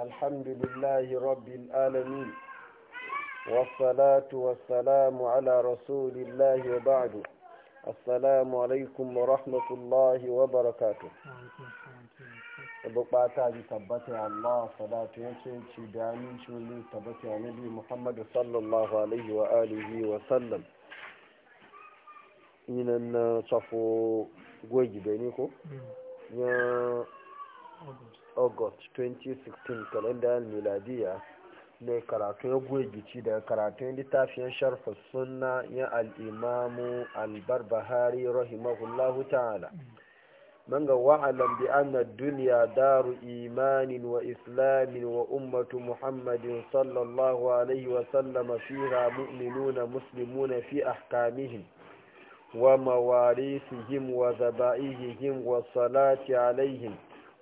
الحمد لله رب العالمين والصلاة والسلام على رسول الله وبعد السلام عليكم ورحمة الله وبركاته ji tabbata Allah salatu ya ce ci da aminci ne tabbata ya nabi muhammadu sallallahu alaihi wa alihi wa sallam ko hmm. august 2016 kalendar miladiya mai karatu ya goye da karatun karatu ta fiye sharfa suna yin al'imamu albar bahari rahimahullahu ta'ala man ga wa'alan bi an na duniya daru imanin wa islamin wa ummatu muhammadin sallallahu alaihi wa sallama fi ga mu'minu na musulmu na fi a kamihin wa mawarisihim wa zaba'ihihim alaihim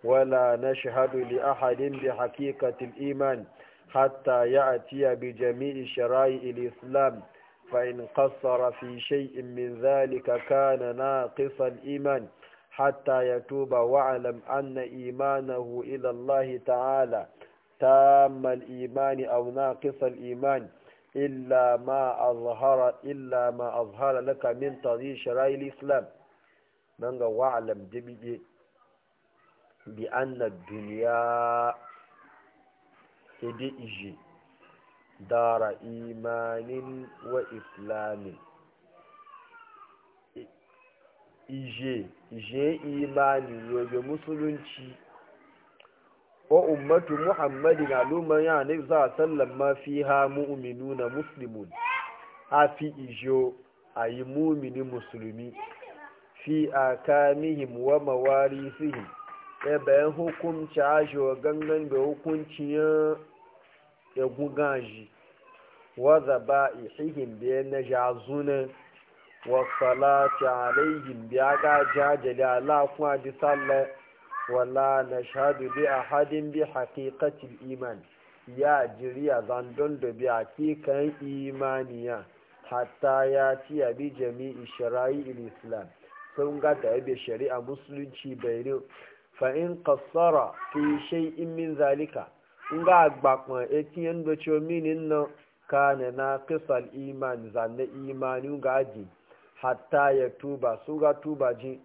ولا نشهد لأحد بحقيقة الإيمان حتى يأتي بجميع شرائع الإسلام فإن قصر في شيء من ذلك كان ناقص الإيمان حتى يتوب واعلم أن إيمانه إلى الله تعالى تام الإيمان أو ناقص الإيمان إلا ما أظهر إلا ما أظهر لك من طريق شرائع الإسلام من نعم، واعلم جبيه bi anna duniya sede iji dara imanin wa islamin ije ije imani yobe musulunci wa ummatu muhammadin aluma ya ne za sallan ma fi ha mu'minu na musulmin a fi ijo a yi mumini musulmi fi a kamihim wa mawarisihim ya e bayan hukunci wa gangan da ya guga shi wadda ba ihihin biyan na jazunan wasalati alaihim biya ga jajali ala kuma adi salla wala na shahadu bi a hadin bi haƙiƙatin iman ya jiri a zandon da bi haƙiƙan imaniya hatta ya ci bi jami'i shari'i islam sun ga da yabe shari'a musulunci bayanin fa'in kassara fi in min zalika in ga agbapon etiyan da ciominin nan ka ne na kisal imani zanne imani ga ji hatta ya tuba su ga tuba ji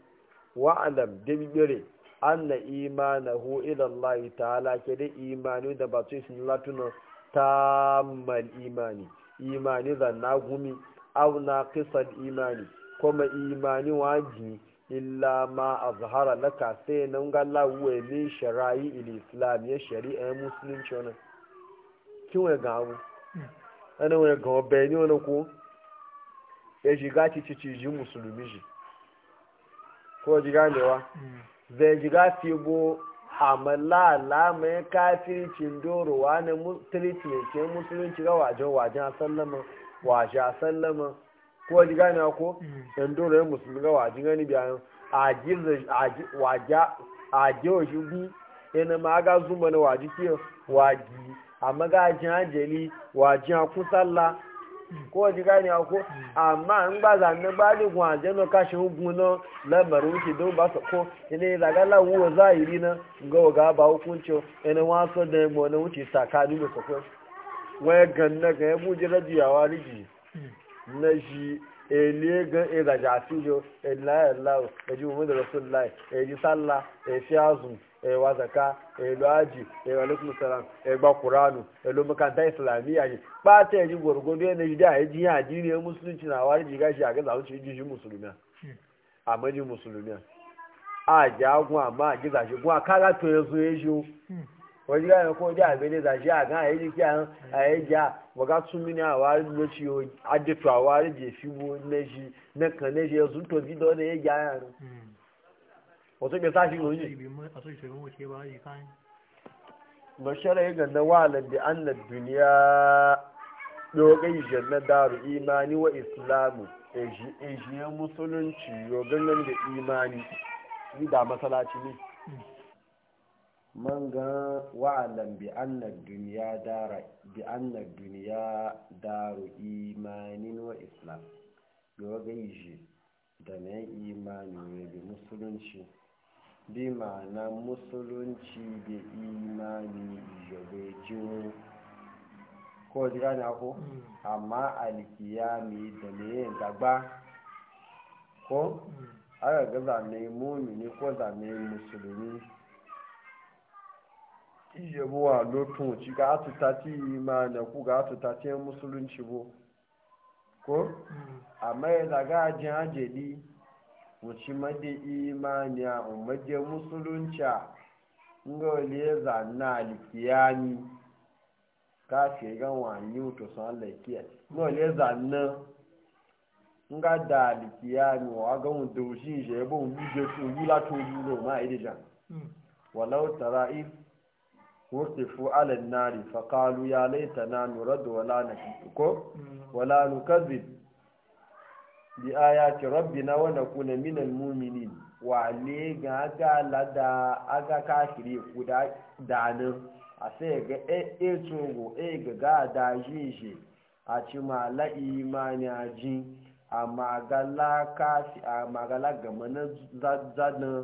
wa'alam dimgire an na imanahu ilallahi ta'ala ke da imani da ba sun isin latunan tammal imani imani zanna gumi au na kisal imani kuma imani ji illa ma a zahara laka sai nan galla wele shara'i il islam ya shari'a musulunci wani kin wani ga abu ana wani ga wabe ne wani ko ya shiga ci ci musulmi ji ko ji ganewa zai shiga fi go amala alama ya kafircin dorowa na treatment ke musulunci ga wajen wajen sallama wajen sallama ko ji gane ko mm. dan dole musulmi ga wajin gani biyan ajiz waja ajo shi bi ina ma ga zuma na waji ke waji amma ga anjeli waji ku sallah mm. ko ji gane ko mm. amma in ba za ne ba ni gwa je no ka shi hugun no la maru ki don ba so ko ina da ga la wo zahiri na ga ga ba hukunci ina wa so da mo na wuce sakani mu so ko wai na ga ya buje rajiyawa riji na shi ele gan e ga jafi jo eji la e la e ji da eji sallah e ewa elu zaka e aji e wa salam e gba qur'anu e makanta islamiyya ji ba eji ji gorgodo jide ji da e ji ji ne musulunci na wari ji gashi a ga ji ji musulmiya amma ji musulmiya a jagun amma a gizashi kuma kala to yanzu wajen gane ko ji abin da zashi a kan ayi jiki a yi ja waga sun mini a wari lokaci o adito a wari je fi bo na shi na kan na shi yanzu to video da ya ja ya ro wato ke sashi ko ji bashara ya ganna walan bi anna duniya dogai janna daru imani wa islamu ejiye musulunci yo gangan da imani ni da masalaci ne man ga wa'alan bi annad duniya dara bi annad duniya daru imanin wa islam yo gaiji da na imani ne bi musulunci bi ma'ana musulunci bi imani jabe jiwo ko ji na ko mm. amma alkiyami da ne gaba ko mm. aka ga zane mumini ko zane musulmi ijebuwa lotun ci ga atuta ti imanaku ga atuta ti musulunci bo ko mm. amma ya daga ajin ajeli wuci made imaniya umarje musulunci nga wale za na alikiyani ka ke gan wani wuto sun alakiya nga wale za na nga da alikiyani wa gan wuto shi je bo wuje to yula to yulo ma ideja mm. walau tara'if wurtifu ala nari fa qalu ya laita nuradu wala nashko wala nukazib bi ayati rabbina wa nakuna minal mu'minin wa le ga aga lada aga kafiri ku da danin a sai ga e e tsogo e ga ga da jiji a ci ma la imani aji a magala kafi a magala gama na zadana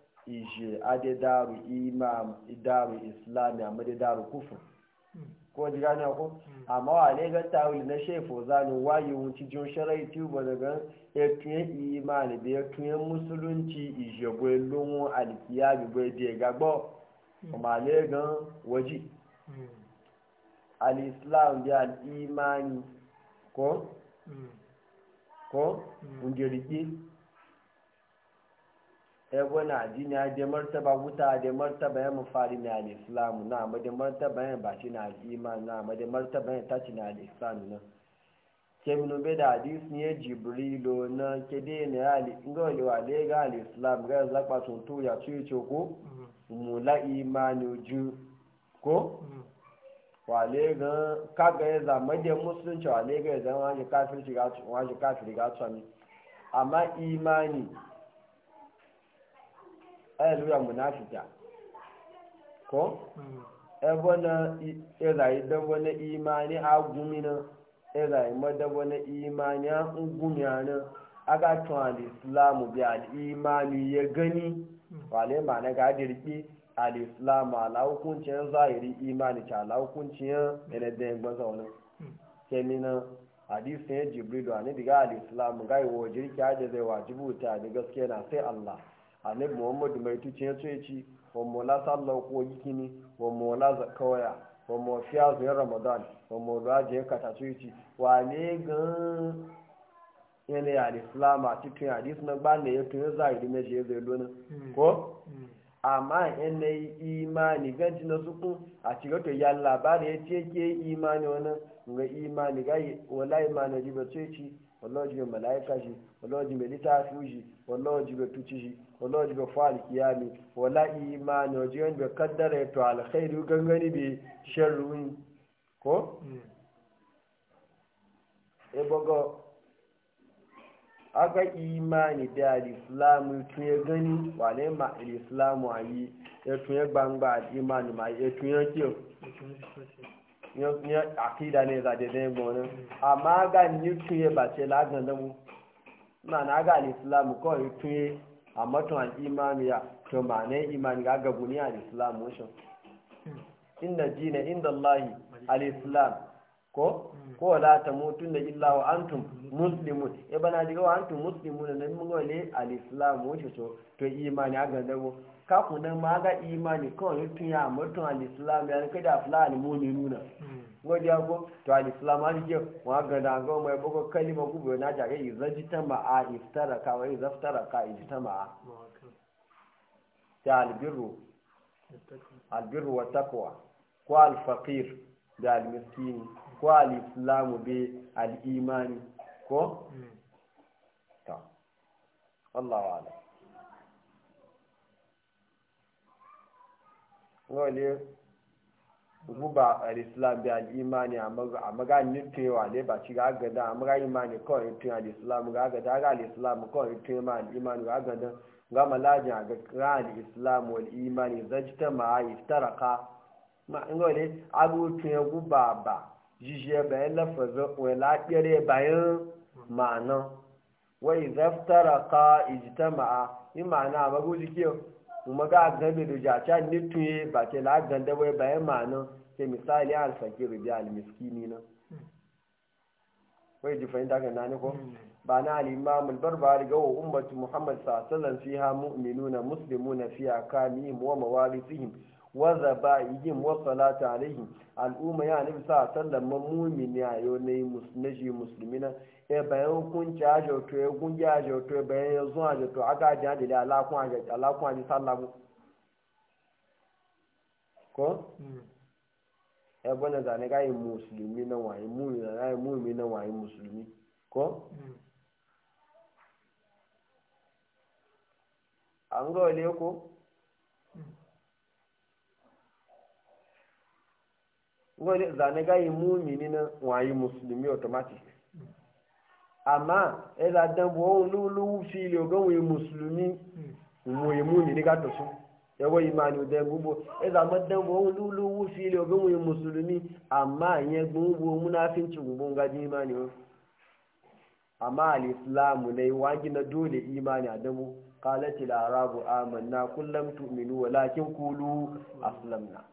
ishe ade daru imam daru islami amma da daru kufur hmm. ko ji gane ku hmm. amma wa ne ga tawil na shefo zanin wayi wuci jin sharai tuba daga ya tuye imani da ya tuye musulunci ishe gwe lungu alkiyabi gwe da ya gagbo hmm. kuma ne gan waji al-islam da al-imani ko ko ungerike ebona dina da martaba wuta da martaba ya mafari na al-islam na amadin martaba ya baci na al-iman na amadin martaba ya taci na al-islam na kemino be da hadis ne jibrilo na kede ne ali ngoli wa le ga al-islam ga zakwa sun to ya ci ci mhm. mu la imani ju ko mhm. wa le ga ka ga za madin musulunci wa le ga zama ji kafirci ga wa ji kafiri ga tsami amma imani ayar lura munafika ko ebe na irayi dabo na imani agumi na irayi madabo na imani ngumi na aga tun ya gani hmm. wale ma na ga dirki al'islamu ala hukuncin zahiri imani ta ala hukuncin ɗanɗan gbaza wani hmm. kemina hadisin ya jibrilu a ni diga al'islamu ga iwo jirki ajiye zai wajibu ta da gaske na sai allah annabi muhammadu mai tuci ya tsoye ci wa mola sallar ko gikini wa mola zakawaya wa mo fiya zuwa ramadan wa mo raji ya kata tsoye ci wa ne gan yanayi al-islam a cikin hadis na ba ne ya tuni zahiri na shi ya zai mm. ko mm. amma yanayi imani ganci na suku a cikin to ya labari ya ce ke imani wani ga imani ga wala imani ji ba tsoye ci wallahi ji mala'ika ji wallahi ji mai littafi ji wallahi ji ba tuci ji wallahi be fa alkiyami wala imani wajen be kaddara to alkhairu gangani be sharrun ko e imani da alislamu tun ya gani wale ma alislamu a yi ya tun ya gbangba imani ma ya tun ya akida ne za daidai gbonin amma ga ni tun ya bace na ga alislamu kawai tun ya amma to an imaniya to ne imani ga gabu ne al-islam motion inna dina inda allahi al-islam ko mm. ko la da illa wa antum muslimun e bana diga wa antum muslimun ne mun ne al-islam motion so to imani ga dawo ka kunan ma ga imani kawai tun ya amma to al-islam ya kada fulani mu'minuna mm. ngodi ago to al islam ali je wa ga da ga mai boko kalima gubo na jage izaji tama'a iftara ka wa izaftara ka ijtama'a ta al birru al birru wa taqwa ko al faqir da al miskin ko al islam bi al imani ko ta Allah wa ala ubu ba al-islam bi al-imani a maganin tewa ne ba ci ga gada a maga imani kawai tun al-islam ga gada ga al-islam kawai tun ma al-imani ga gada ga malajin ga kira al-islam wal imani zajta ma iftaraka ma wani abu tun ya guba ba jije bayan lafazin wala kire bayan ma'ana ijita ma'a iftaraka ma'ana a magu jikiyo kuma ga gabe da jaca ne tuye ba ke la ganda wai bayan ma'ana ke misali al fakir bi al miskini na wai ji fahimta ga ne ko hmm. ba na al imam barbari ga ummatu muhammad sallallahu alaihi wasallam fiha mu'minuna muslimuna fiha kamihim wa mawarithihim wa yin wa salatu al'umma ya nabi sa sallan man mu'min yau na yi musulmi na ya bayan kun ci ajo ya e kun ji ya bayan ya zo ajo to aga ji ajo da ala ko e bona da ne ga yi muslimi na wa yi mu'min na yi mu'min na wa yi ko an ga wale ko wani zane ga mumini na wayi musulmi automatic amma eza dan bo lulu fili o gon wayi musulmi wayi mumini ga to su ya wayi imani o dan gubo eza ma dan bo fi fili o gon wayi musulmi amma yen ci munafinci gubo ngaji imani o amma al-islamu ne wangi na dole imani a damu قالت arabu amanna كلم tuminu walakin قولوا aslamna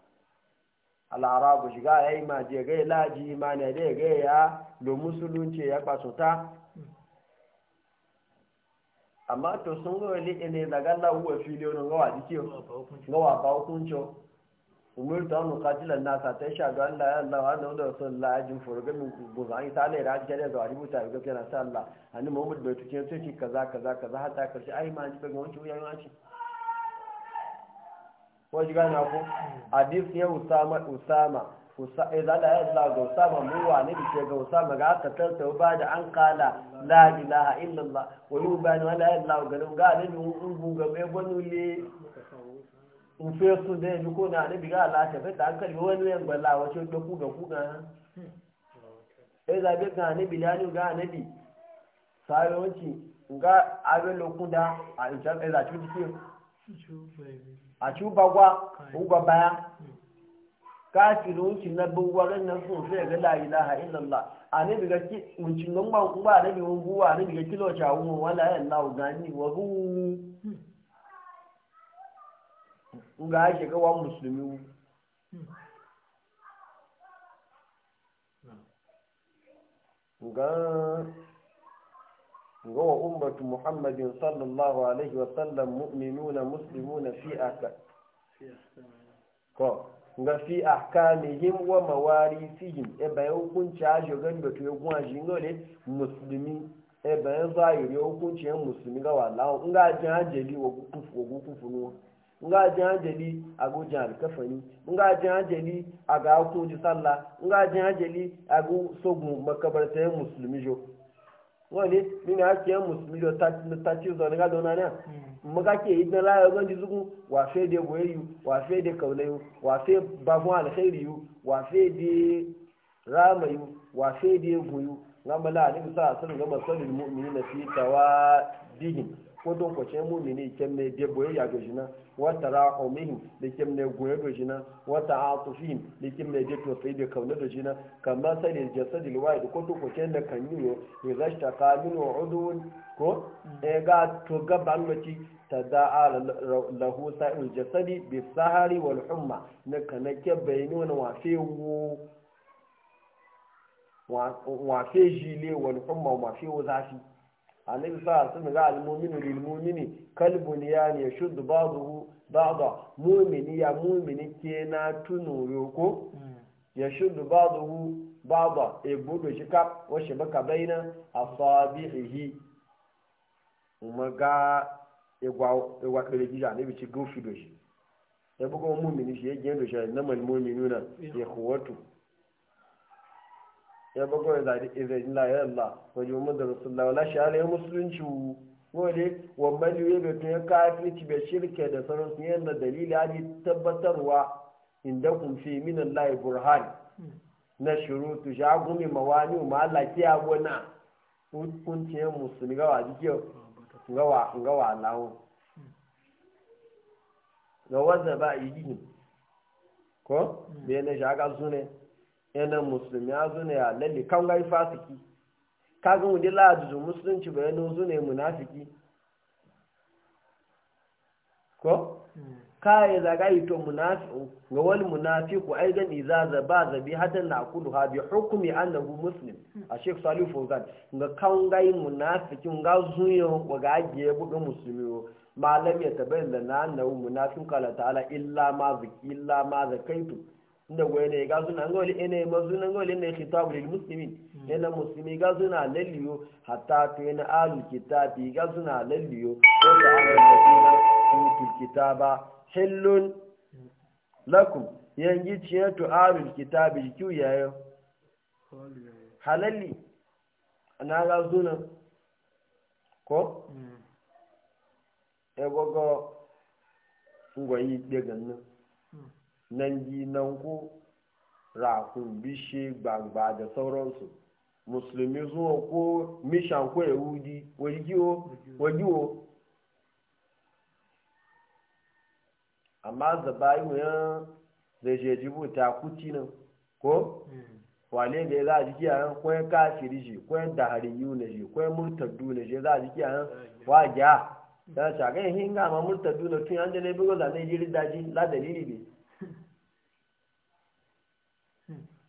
al'arabu shiga ya yi maje gai laji ma da ya gai ya lo musulunci ya ta? amma to sun gawa liɗe ne daga lahuwa fili wani gawa dikiyo gawa ba hukuncin umar ta wani katilan nasa ta sha ga Allah ya Allah da wasu sun la'ajin furgami gobe an yi ta alaira a cikin da rubu ta ga fiye na sa Allah hannun mahmud bai tuke sun ce kaza kaza kaza hata karshe ai ma ji bai ga wancan wuyan yawanci wọ́n jí gánà kú àdíf yẹ usama idan ìzàlá yẹ zàlá ga usama mu wa níbi ce ga usama ga aka tanta ba da an kala la ilaha illallah wani ba ni wala yẹ zàlá ganin ga níbi un buga mai gwani le ufe su da yabi ko na níbi ga ala tafi ta hankali wani yan gbala wace da ku ga ku ga ha ya zabe ga níbi lani ga níbi sayawanci ga abin lokunda a ìjọba ya zaci cikin àti ugbagwa ugbaba baya kafirun shi na bugwarin nan sun sai ga la ilaha illallah ani daga ki mun cin nan ba ba da bi hu ani daga kilo cha hu wala ya allah wa musulmi هو أمة محمد صلى الله عليه وسلم مؤمنون مسلمون في أحكام nga fi ahkamihim wa mawarisihim e bayan hukunci ajo gani bato ya kuma shi ngole musulmi e bayan zahiri ya kunci musulmi ga nga jin hajjali wa kufu wa kufu nga a gojin alkafani nga jin a ga hukunci nga sogun makabarta wani mini ake yan musulmi da tace zaune ga zauna ne maka ke yi na layar ganji zuku wafe da goyayu wafe da kaunayu wafe bafin alkhairiyu wafe da ramayu wafe da goyu gama la ne nufi sa a sanin gama sanin mu'mini na fi tawa dihin ko don ko cɛ mun nini cɛ ne bɛ bonya ya gosi na wa tara o min ni cɛ ke gonya gosi na wa ta a tufi ni cɛ ne bɛ to fɛ bɛ kawo ne gosi na ka ma sani jasa di wa ko don ko cɛ da kan yi yo ni zai ta ka min o ko ne ga to ga ban ma ci ta da a lahu sa'il jasadi bi sahari wal humma ne kana ne ke bayani wani wa fe wo wa fe jile wal humma wa fe wo zafi annabi sa sun ga almuminu lil mumini kalbun ya ne shuddu ba'dahu ba'da mumini ya mumini ke na tunu yoko hmm. ya shuddu ba'dahu ba'da e gudu shi ka wa shi baka baina asabihi umaga egwa egwa kele jija ne bi ci gofi do shi ya e bugo mumini shi ya e gendo shi na mal ya khuwatu ya bago ya zaɗi izin la ya Allah wa ji mu da rasulullah wala ala ya musulunci wale wa mali ya bai ya ci bai shirke da sauran su yadda dalili a ji tabbatarwa inda kun fi min Allah burhan na shurutu shagumi mawani ma Allah gona kun hukuncin musulmi gawa jikin gawa gawa lawo ga wanda ba yi ko bai na shi su ne yana musulmi ya zo ne a lalle kan gari fasiki kaga wani dai lajuju musulunci ba yana zo ne munafiki ko hmm. ka yi ga yi to wani ga ai munafiqu aidan idza ba zabi na kudu ha bi hukmi annahu muslim a sheikh salih fawzan ga kan gari munafikin ga zuyo wa ga ajiye buga musulmi malam ya da na annahu munafin kala ta'ala illa ma zikilla ma zakaitu da goyi ne ga suna ngoli ene mazuna ngoli ne khitabu lil muslimin yana hmm. muslimi ga suna lalliyo hatta to yana alu kitabi ga suna lalliyo ko ta alladina utul kitaba hillun hmm. lakum yangi ciye to alu kitabi ku yayo halalli ana ga suna ko hmm. e gogo ngoyi de gannan nangi nanko rakun bishe gbagba da sauransu musulmi zuwa ko mishan ko yahudi wajiwo amma zabayu yan da jejibu ta kuti nan ko hmm. wane ne za a ji kiyayen kwayan kafiri shi kwayan yiwu na shi kwayan murtaddu na shi za a ji kiyayen wajiya da hmm. shagayin hinga ma murtaddu na tun yanzu ne bugu zane jiri daji la dalili ne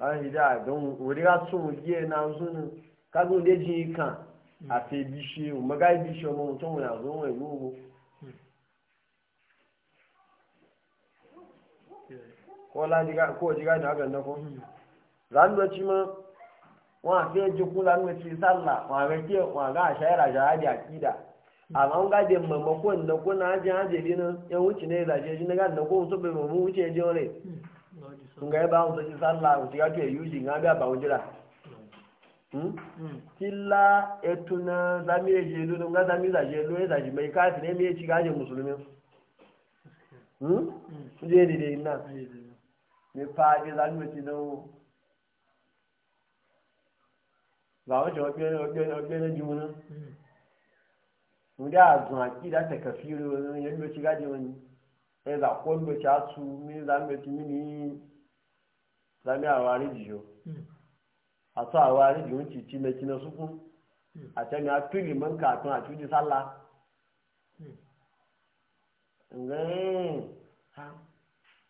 an yi da don wuri ga sun na sun kago da ji kan a fe bishe o maga bishe o mutum wani azo ko la diga ko diga da hakan da ko zan do ma wa fe ji ku zan mu ci sallah wa ga ke wa ga shaira jahadi akida amma un ga de na yan wuce ne da ji nga ebe ahụ sochi sala ụtụ ya tụ eyi nga abịa banwu jira tila hmm? hmm. etu na zami eji elu na nga zami mai kafin musulmi hmm? na mepa adị zami echi na owo báwọn jọ ọgbẹ́ ọgbẹ́ ọgbẹ́ lójú wọn ní àzùn àti ìdátẹ̀kẹ̀ fírí wọn yẹn ló ti gájẹ sami awari jiyo hmm. ato awari jiyo cici na kina suku hmm. a can ya tuli man katon a cuji sallah hmm. ngayin ha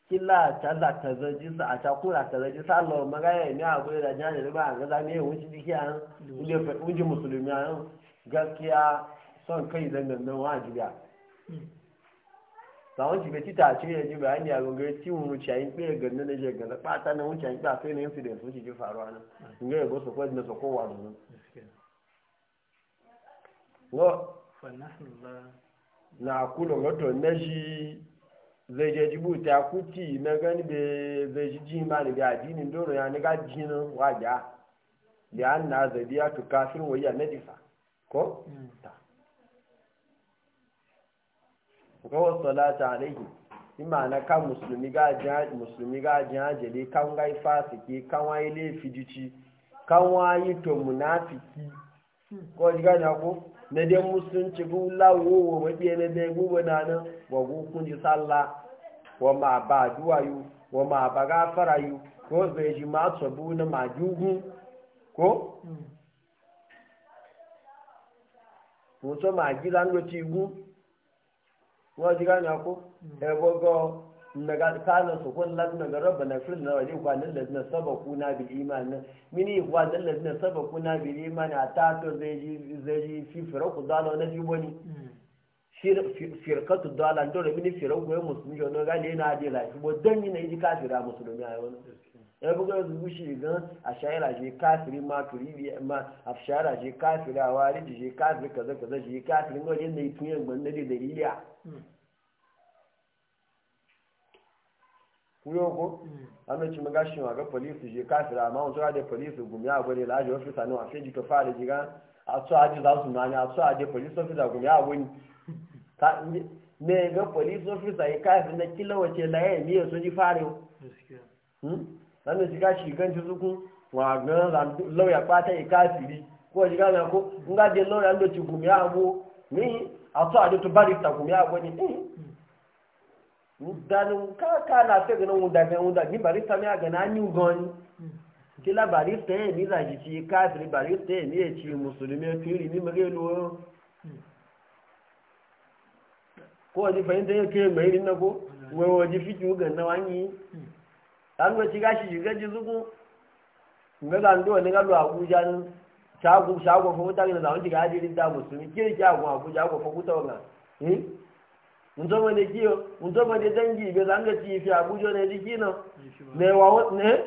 kila ta za ta zaji sa a ta kura ta zaji sa Allah magaya ne a goyi da jani ba ga za ne wuce jiki an wuje musulmi an gaskiya son kai dangan nan wajibi sàwọn jìbẹ títà àtúnyẹ jù bẹ́ẹ̀ ní àgọgẹ tí òun ṣe àyín pé ẹgẹ náà ṣe ẹgẹ pátá náà ń ṣe àyín pé àfẹ́ ní incident ó sì jẹ fàrọ àná ǹgẹ́ ẹ̀gbọ́ sọ ẹ̀dínà sọ wà lónìí. na kúlọ̀ lọ́tọ̀ náà ṣí jìbù tí a kú tì náà gán níbi zẹ̀jì jí máa níbi àdínì lóru yẹn ní ká jí náà wájà lẹ́yìn náà zẹ̀bí àtúkà fún wọ́n yà hmm. rawar salata alaihi ima na kan musulmi ga jihajjali kan gai fasiki kan wayi laifidici kan wayi to munafiki ko na ko na dai musulunci bu lawo wa mabiya na dai gugu na nan wa gukun ji ma ba duwayu wọ ma ba gafara yu ko ma na ma wọ́n ti gánà kó ẹ̀bọ́gọ́ kanan su kun lanna ga rabba na fil na waje kwanan da na saba kuna bil iman mini kwanan da na saba kuna bil iman a ta to zai ji zai ji fi firqu dala na ji boni firqatu dala dole mini firqu ya musulmi yo no ga le na de la bo dan ni ne ji kafira musulmi ayo ya buga zubu shi gan a shayara je kafiri ma turibi ma a shayara je kafiri a wari je kafiri kaza kaza je kafiri ma wajen da yi tuniyar gwanda da daliliya hmm. kuyo ko hmm. an ci maga shi ma ga polisi je kafiri amma wato da polisi gumi a gwada laji ofisa ne a sai jika fara jiga a su aji za su nani a su aji polisi ofisa gumi a wani me ga polisi ofisa ya kafiri na kila wace laye miya sun ji fara yau sannan shiga shiganci zukun wa gan lauya kwata ya kafiri ko shiga na ko in ga je lauya ndo ci gumi abu ni a so ade to bari ta gumi abu ni eh. dan ka ka na fe gan mu da gan da ni bari ta mi aga na ni gon ki la bari ta ni la ji ci kafiri bari ta ni e ci musulmi firi ni mage lo ko ji fa inda yake mai na ko wewo ji fiti ugan na wani kanu ci gashi shiga ji zugu ga zando wani galo abuja ni shago shago fa mutane da zaman shiga hadirin ko fa kuta mun ne kiyo mun zo ne dangi be zan ga fi abuja ne jiki ne wa ne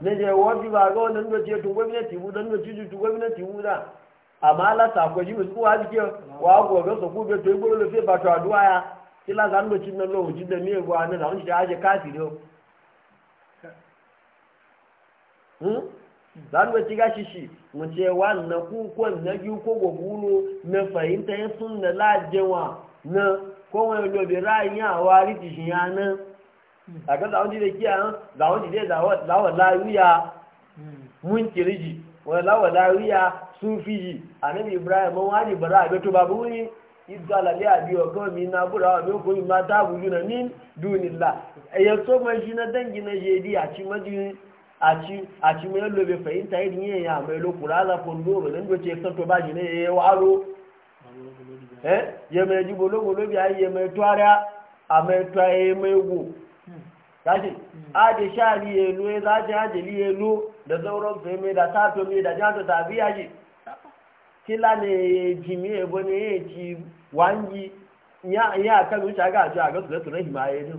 ne je wa ba ga bu dan bu da ta ko ji musu wa wa go ga so ku be to igbo ba to ya kila do na lo ji da da on ji aje Hm? za mu ci gashi shishi. mu ce wannan kukon na biyu ko gwagwuno na fahimta ya sun na lajewa na kowai lobe ra'ayin yawa riti shi ya nan a kan zawon jide kiya nan zawon jide zawon layuya mun kiriji wani zawon layuya sun fiji a nabi ibrahim man wani bara a beto babu wuni izu alali a wa kawai mi na bura wa min kuma ta bulu na min dunilla ya so mai shi na dangi na jedi a ci majini a ci mai lobe fahimta irin ya mai elu kura za ko loro nan doce san to baji ne ya eh ya ji bolo bolo bi ai ya mai tuara a mai tuaye mai a de shari e e e ya lo ya za ji ajali ya lo da zauren sai mai da sato mai da jato ta biya ji kila ne jimi ya na ya ci wangi ya ya kan wuce ga a ga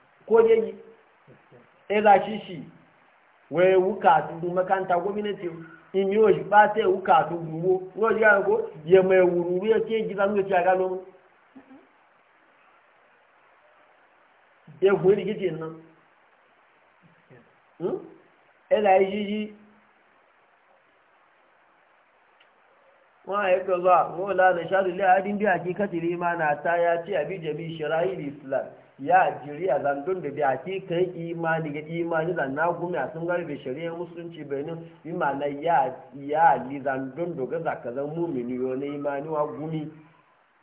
ko dai sai za shi shi wai wuka su makanta gwamnati in yi oshi ba sai wuka su gumo ya ko ya mai wururu ya ce gida nuna ci a gano mu ya kuwa rikici nan ila hmm? yi jiji wọn a yi kaza wọn la da shaɗu liya adin biya ki katili ta ya ce abi jami shirayi islam ya jiri a zandun da bi hakikan imani ga imani da na gumi a sun garbe shari'ar musulunci benin bi ma'ana ya ya li zandun da ga ka zan mumini yo na imani wa gumi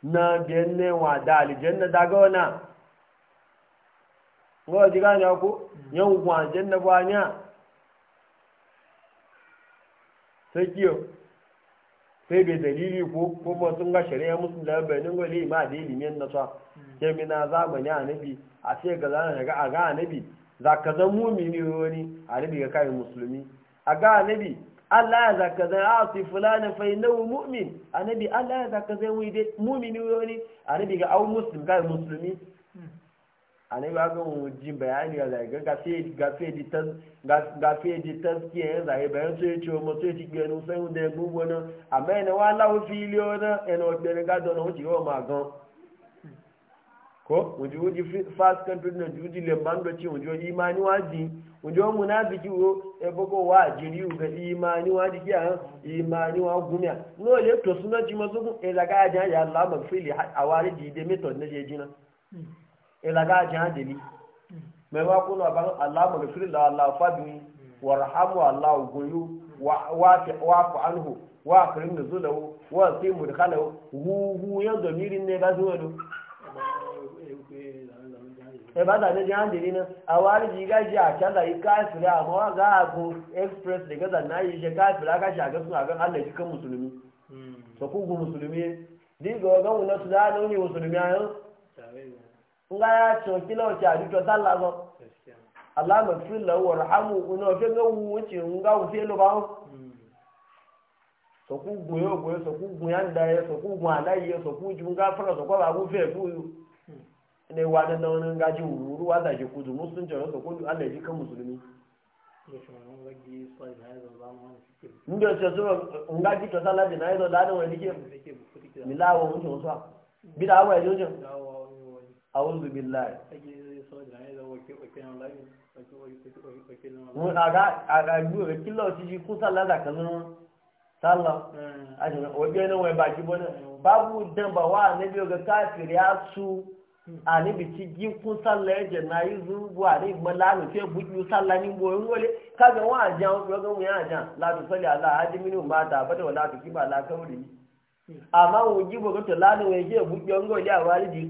na biyanne wa da aljanna daga wana ngo ji gane ko yan gwa janna ba nya sai kiyo sai bai dalili ko kuma sun ga shari'ar musulunci benin wali ma da ilimin nasa kemina zamani anabi a ce ga zana ga a ga anabi za ka zan mumini wani anabi ga kayan musulmi a ga anabi Allah ya zaka zan a ah, fi fulani fa innahu mu'min anabi Allah ya zaka zan wai dai mumini wani anabi ga au muslim kayan musulmi anabi ga mu jin bayani ga ga ga gafe di tas ga ga fe di tas ki en zai bayan so yace mu so yace ga nu sai unde gugu na amma ina wala o fili ona eno gbere ga do no ti o ma gan ko wunji wuji fast country na juji le bando ci wunji imani waji wunji wa munafiki wo e boko wa jiri uga imani waji kiya imani wa gumya no le to suna ji mazo ku e daga ajan ya Allah magfili awari di de method na je jina hmm. e daga ajan de li hmm. me wa kuno ba Allah magfili la Allah fadwi hmm. warhamu Allah goyu wa wa wa fa anhu wa akrim nuzulahu wa sim mudkhalahu hu hu ya zamirin ne ga zuwa ẹ̀bátà ní jẹ́ àǹdè ji àwọn àríjì gáàjì àṣàlà yìí káàfìrí àmọ́ àgáàgùn express lè gẹ́sà náà yìí ṣe káàfìrí akáṣà àgẹ́sùn àlẹ́jì kan mùsùlùmí hmm. sọkúgùn mùsùlùmí dígọ̀ ọgọ́rùn náà tún láàrín òní mùsùlùmí ayọ́ ńláyà tún kílọ̀ ọ̀tí àdújọ sálà lọ aláàmọ̀ hmm. fún ilẹ̀ wọ̀ ráhámù wọn sọkúgùn yóò gbé sọkúgùn yá ń da yẹ sọkúgùn àdáyé sọkúgùn gáfọ́rọ̀ ne wa wani gaji wuru da shi kudu musulunci wasu kudu an ya ji kan musulmi mun da ce su nga ji to sallah na yazo da wani ke wani. mun to sa bida wa yazo je a'udhu billahi mun aga aga duwe kilo ti ji ku sallah da sallah mm. ajin obi ne wai baki bona babu dan ba wa nabi ga kafir ya su ani biti gi kun sallah je na yi zubu ani malalu fe buju sallah ni bo ngole kaga a ga mu ya ajan la tu salli ala adiminu mata bada wala tu kiba la kauli amma wo i bo to la no ye buju ngole awali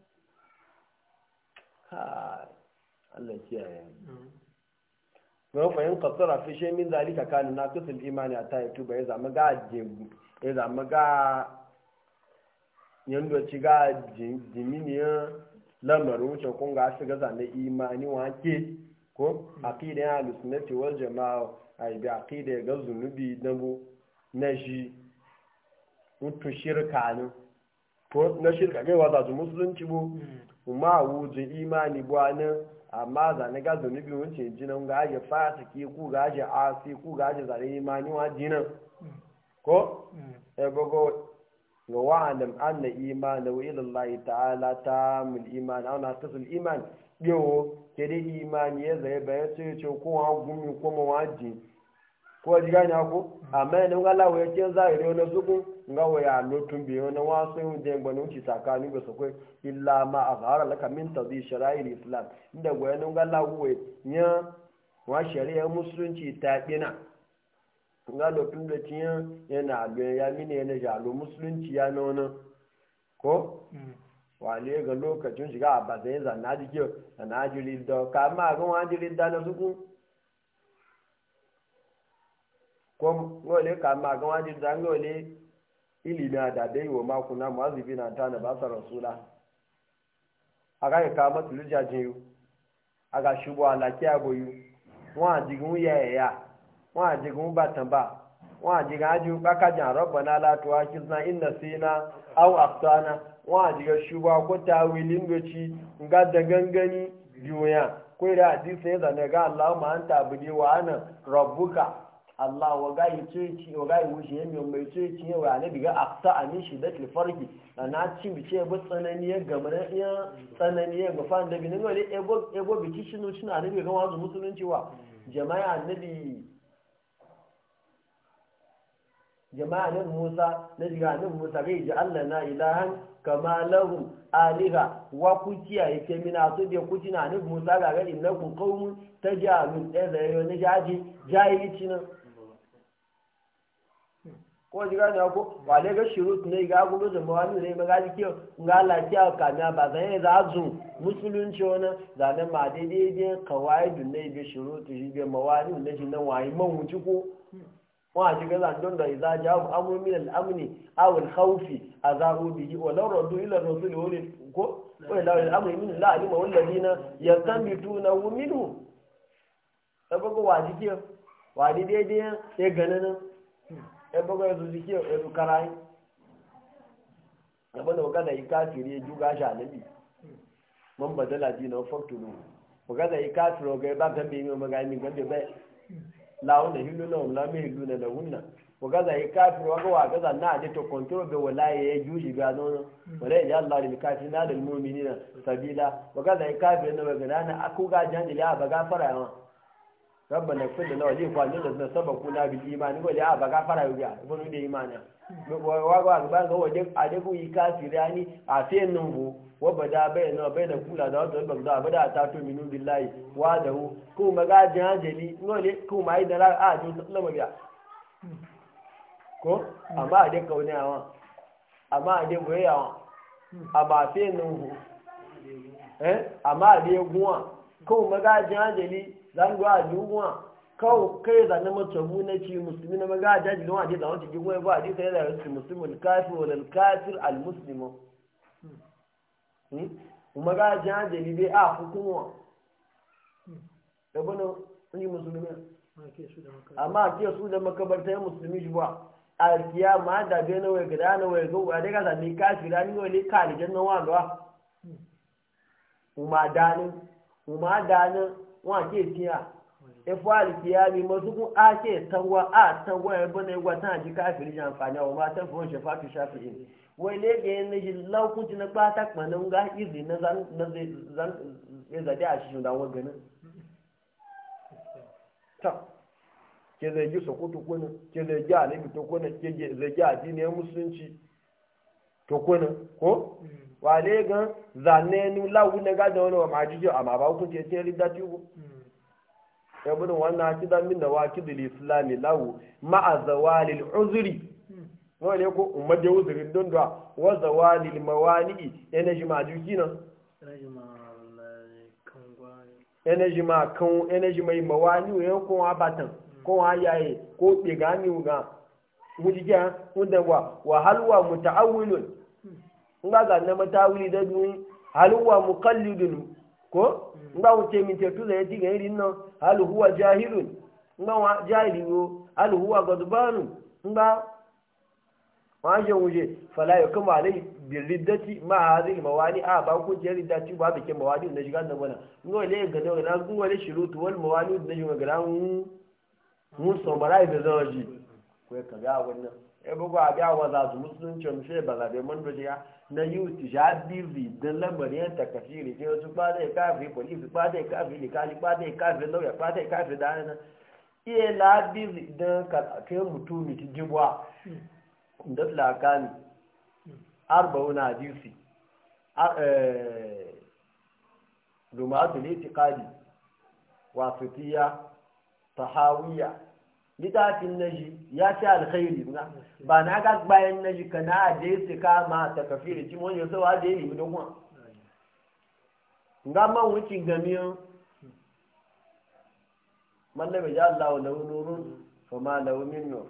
Allah kiyaye mu fa yin qasara fi shay min zalika na kusul imani a tayi tuba ya zama ga jebu ya zama ga yando ci ga diminiyan lamarin ce kun ga shiga zane imani wake ko hmm. aqida ya lusunnati wal jamaa ai bi aqida ga zunubi dabo na shi mutu shirka ne ko na shirka kai wata su musulunci bu hmm. kuma wujin imani buwanin amma zane ga zunubi wuce jinan ga aje fasiki ku ga aje asi ku ga aje zane imani wa jinan ko mm. ebogo ga wa'alam anna imani wa ila Allah ta'ala tamul iman ana tasul imani yo kede imani ya zai bayan sai ce ko wa gumi ko mawaji ko ji ganya ko amma yana nga lawo ya ce za na zuku nga wa ya lotun biyo na wasu yin da gbanu ci sakani ba su illa ma azhara laka min tadi shara'il islam inda go yana nga lawo ya wa shari'a musulunci ta dina nga lotun da yana lo ya mini yana musulunci ya nona ko mm. wale ga lokacin shiga a da ga wani na zuku ko ngole ka ma ga wani da ngole ilimi da dai wa ma kuna muazibi na tana ba sa rasula aga ka ma tulu jajin yu aga shubo ala ki aboyu won ajigun ya ya won ajigun batan ba won ajigun aju bakajan rabbana la tuakilna inna sina aw aqtana won ajigun shubo ko tawilin nga ngadda gangani biyoya ko da hadisi ne da ga Allah ma anta bidi wa ana rabbuka Allah wa gayi tsoyici wa gayi wuce yami mai tsoyici yau ya nabi ga aksa a min shidat lifarki na ci bice ba tsananiya ga mananiya tsananiya ga fa da binin wani ebo biki shi nuci na nabi ga wazu musulunci wa jama'a nabi jama'a nan musa na jiga nan musa ga ji Allah na ilahan kama lahu aliha wa kuciya kiyaye ke mina su da ku tina nan musa ga ga innakum qaumun tajalun da yayo na jaji ci nan ko ji gane ko wa ne ga shirut ne ga gudu da mawani ne ba gaji ke ga lafiya ka na ba zan yi za zu musulunci wani ne ma daidai da kawai dun ne ga shirut shi ga mawani ne shi nan wayi man wuci ko wa ji ga zan don da iza ja amu min al amni aw al khawfi azaru bihi wa law radu ila rasul wa ko wa law al amni min la alima wal ladina yastanbituna minhu sabago wa ji ke wa daidai ne ya ganana ebogo yanzu jiki yanzu karayi abin da magana yi kafiri ya juga shi alabi man badala ji na faktulu magana yi kafiri ga ba gambe yi magana min gambe bai lawun da hillu na wula mai hillu na lahunna magana yi kafiri wa gawa gaza na aje to kontrol bai wala ya yi juji ga nono wala ya ji allah da kafiri na da mumini na sabila magana yi kafiri na magana na akuga jan da ya ba gafara yawan rabbana fil lana wa jifa lil na bil ko da ba ya da wa ba ga a da ku kafirani a nan wa kula da wato ba da bada ta to minu billahi wa da hu ko maga jahili ngole ko mai da a ji sallama biya ko amma a dai kaunawa amma a dai goyawa a ba nan bu eh amma a guwa ko zan gwa juwa kawo kai zane na ce musulmi na maga daji don hadisa wata jigwai ba hadisa yana rasu musulmin kafir wal kafin al hmm? hmm. musulmi kuma ga jan jeli bai a hukuma da bana sun yi musulmi amma ke su da makabartar musulmi shi ba a kiya ma da bai na wai gada na wai zuwa da gaza ne kafira ni wani kalijan na wa gawa hmm. umadanin umadanin wọn àti ètí à ẹ̀fọ́ àlìkìyà mi mọ sókún á ṣe ìtànwá á tànwá ẹ̀bọ́ náà ìwà tán àti káàkiri ṣe àǹfààní àwọn ọmọ atẹ́fọ́ oúnjẹ fàtú ṣàfihàn wọ́n ilé ẹ̀gẹ́ ẹni ṣe lọ́kùn tí nípa àtàkùn nga ìlú ní zanzibar náà ẹ̀zàdé àṣìṣe làwọn gẹ̀nà. ji sokoto kuna ke zai ji alibi to kuna ke zai ji addinin musulunci ko wale gan zane nu lawu ne ga da wa majijo amma ba hukunci ce ridda tubu hmm. ya budin wannan da min da waqidul islami lawu ma zawalil uzri nawa hmm. ne ko umma da uzri don da wa zawalil mawani yana jima juki na. energy ma kan energy mai mawani yan ko abatan ko ayaye ko pegani uga wujiga unda wa wa halwa mutaawilun nga ga na matawili da duni hal huwa muqallidun ko nga wuce min te tuza yati ga irin no hal huwa jahilun nga wa jahili wo hal huwa gadbanun nga wa je wuje fala yakuma alai bil riddati ma hadhihi mawani a ba ku je riddati ba bikin mawani da shiga da bana ngo le ga da na ngo le shurutu wal mawani da shiga ga ran mu so barai da zaji ko ka ga wannan e bugu a ga wa za su musulunci mu sai ba za da mun dojiya na youth ya busy don lamarin yan takafiri wasu kwadai kafin polisi kwadai kafin likali kwadai kafin lauya kwadai kafin da hannun iya la busy don kai mutumi ta jibwa da lakani arba'una disi lumatul itiqadi wasitiya tahawiyya litafin naji ya ce alkhairi ba na ga bayan naji ka na je su kama ta kafiri ci mun yasa wa da yi don wa nga man wuci gamiyo man bai ja Allah lahu fa ma lahu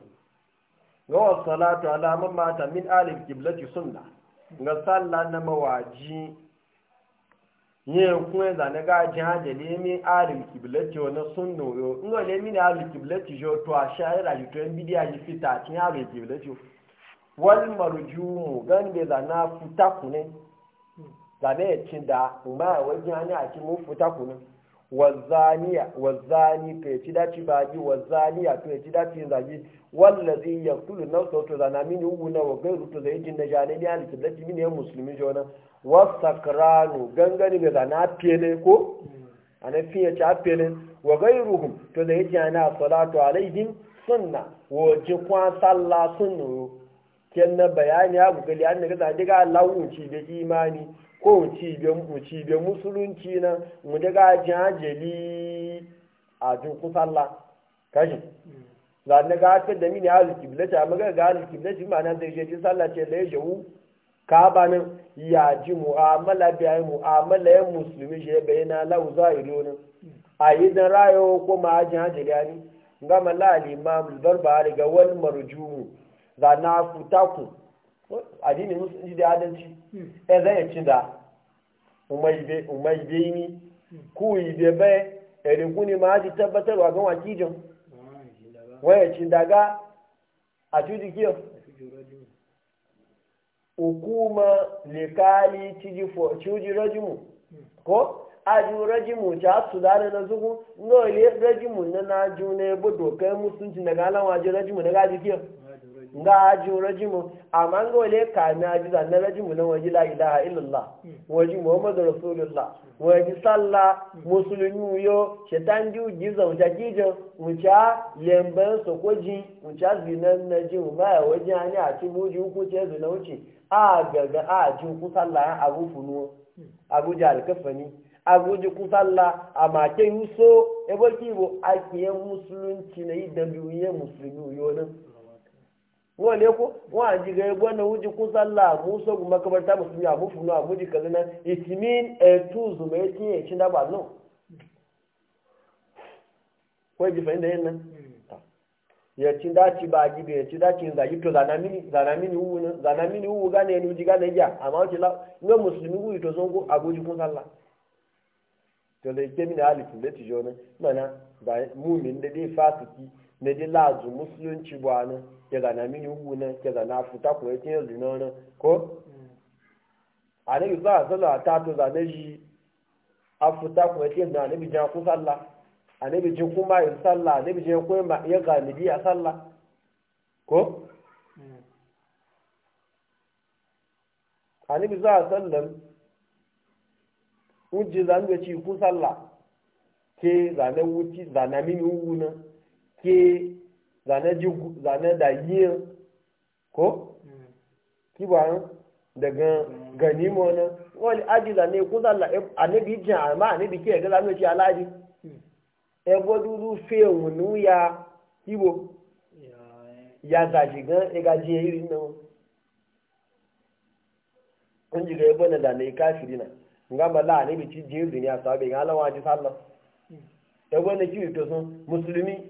salatu ala mata min alif qiblati sunna nga sallah na mawaji nye kuma da na gaji hajji ne min arin kibilati wani sun noyo in na ari arin ti jo to a shayar a jitoyin bidiya ji fita cin arin kibilati wani marujumu gan bai zana futa kunin hmm. zane e cin da umar wajen hanyar a cikin futa kunin wazaniya wazani to ya ci daci baji wazaniya to ya ci daci yin zagi wallazi ya kulu na to zana mini ugu na wa gairu to zai jin da jane ni halittu da ci mini yan musulmi jona kranu gangani da zana pele ko a na fiye ci a pele wa gairuhum to zai ji ana salatu alaihim sunna wa ji kwa sallah sunna ken na bayani abu gali an daga zadiga lawun ci da imani ko cibiyar musulunci nan mu daga jajali a jinkun sallah kashi mm. za na ga haka da mini hali kiblaci a maga ga hali kiblaci ma'ana zai je jin sallah ce da ya jawu ka ba nan ya ji mu'amala biya mu'amala yan musulmi shi bayyana lau za mm. a yi lonin a yi rayo ko ma jajali ne gama la bulbar ba barbari ga wal marjumu za na futaku addinin musulunci da adalci ɗan hmm. e zai ci da umaibe ni hmm. ku ibe bai eriku ne ma ji tabbatarwa gan wakijin waya ci daga a cuji kiyo hukuma likali cuji rajimu hmm. ko aju rajimu ta su da na zugu no ile rajimu na na ju ne bu dokai musulunci daga alawa ji rajimu na gaji kiyo nga ajiyo rajimu amma nga wale ka na aji na rajimu na waji la ilaha illallah waji muhammadu rasulullah waji sallah musulmi yo shetan ji ji zauta gijo wuca lemban sokoji wuca zinan na ji mu baya waje hanyar a ci muji uku ce zina wuce a gaga a ji ku sallah abu funu abu ji alkafani abuji kusalla a yi so ebo kibo ake musulunci na yi da biyu musulmi nan wale ko wa ji ga yabo na wuji ku sallah mu so guma kabarta musulmi abu funu abu it mean ya tinye cin da ba no ko ji fa inda ya cin da ba ji to mini wu na mini wu ga ne wuji ga ne ya amma la no musulmi wu to ko abu na ji lazu musulunci anu ke ga na mini ugu nan ya na, fita ko yake yanzu na wani ko a nabi za a sallah ta to za na ji a fita kuwa yake yanzu a nabi jan ku sallah Ane nabi jin kuma yin sallah a nabi jan ma ya gani biya sallah ko a nabi za a sallah wujji ci ku sallah ke zanen wuci na mini ugu na. ke zane da yin ko kibarin daga ganimo na wani aji zane la kun zala anabi jin amma bi ke ga zane ce alaji ebo dudu fe wunu ya kibo ya zaji gan igaji iri na kun ji ga ebo e e na da na ikafiri na nga ne bi ci jin zini a sabe ga alawa ji sallah ebo na kiwi to sun musulmi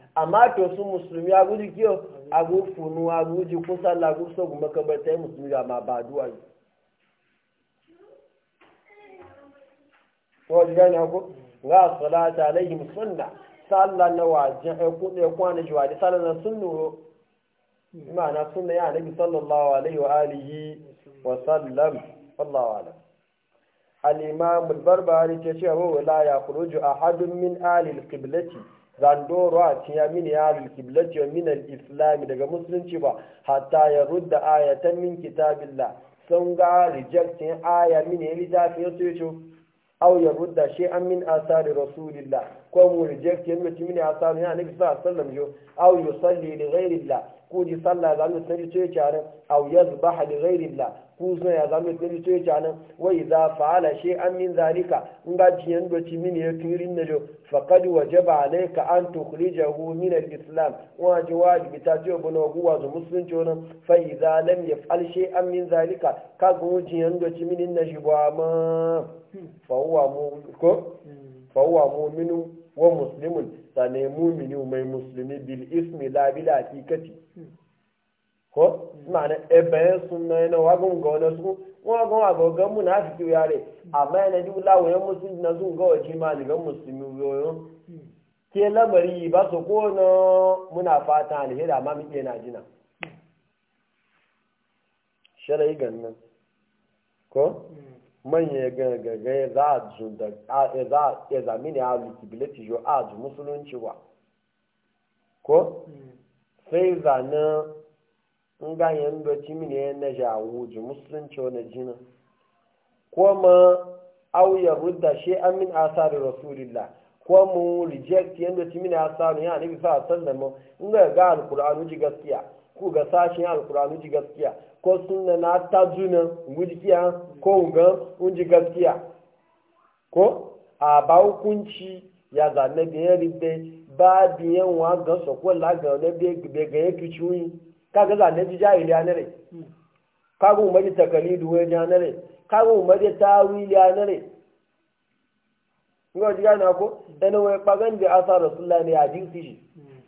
amma to sun musulmi a guji kiyo a funu a guji kusa la guji sogun makabarta musulmi ga ma ba duwa yi to ji gani ko ga salata alaihi sunna sallan na wajen ai eh, ku ne eh, kwana jiwa da sallan na sunnu ma'ana sunna ya nabi sallallahu alaihi wa alihi wa sallam wallahu alam al-imam al-barbari ce cewa wala ya khuruju ahadun min ahli al-qiblati zandoro a ciya mini ya kiblati wa minal islami daga musulunci ba hatta ya rudda ayatan min kitabillah sun ga rejectin aya mini ya littafi ya so yato au ya rudda shi an min asari rasulillah ko mu rejectin mutum mini asari ya nabi sallallahu alaihi wasallam yo aw yusalli li ghairillah ko ji salla ya zama tsari ce canan zuba yazbah li la ku sun ya zama tsari ce canan wai za fa'ala an min zalika in ga yan doci min ya turi na jo faqad wajaba alayka an tukhrijahu min al-islam wa jawabi ta ce bono guwa zu musulunci wannan fa idza lam yaf'al an min zalika ka go yan doci min na jibwa ma hmm. fa huwa mu ko hmm. fa huwa mu'minu wa muslimun sane mumini mai musulmi bil ismi la bil hakikati ko ma'ana ebe sunna yana wagon ga wani su wagon wagon ga munafiki yare amma yana ji lawo ya musulmi na sun ga waje ma daga musulmi yoyo ke lamari ba su ko na muna fata alheri amma muke na jina sharai gannan ko hmm. manya gangagai za a zu e, da ya zami e, ne a likibili jo a musulunci wa ko sai mm. zane in ganyen doci mini e na jawo ji musulunci na jina ko ma auya rudda shi amin asari rasulillah ko mu reject yanda ci mini asari ya nufi sa sallama in ga ga alkur'anu ji gaskiya ku ga sashen alkuranu ji gaskiya ko suna na ta junan ko ga unji gaskiya ko a ba hukunci ya zane da ya ribe ba biyan wa ga sokon lagar na be ga ya fi ciwi kaga zane ji jahili na rai kaga umarci takalidu wani na rai kaga umarci tawili na rai ngo jiga na ko ene we pagan bi asa rasulullah ne hadisi shi hmm.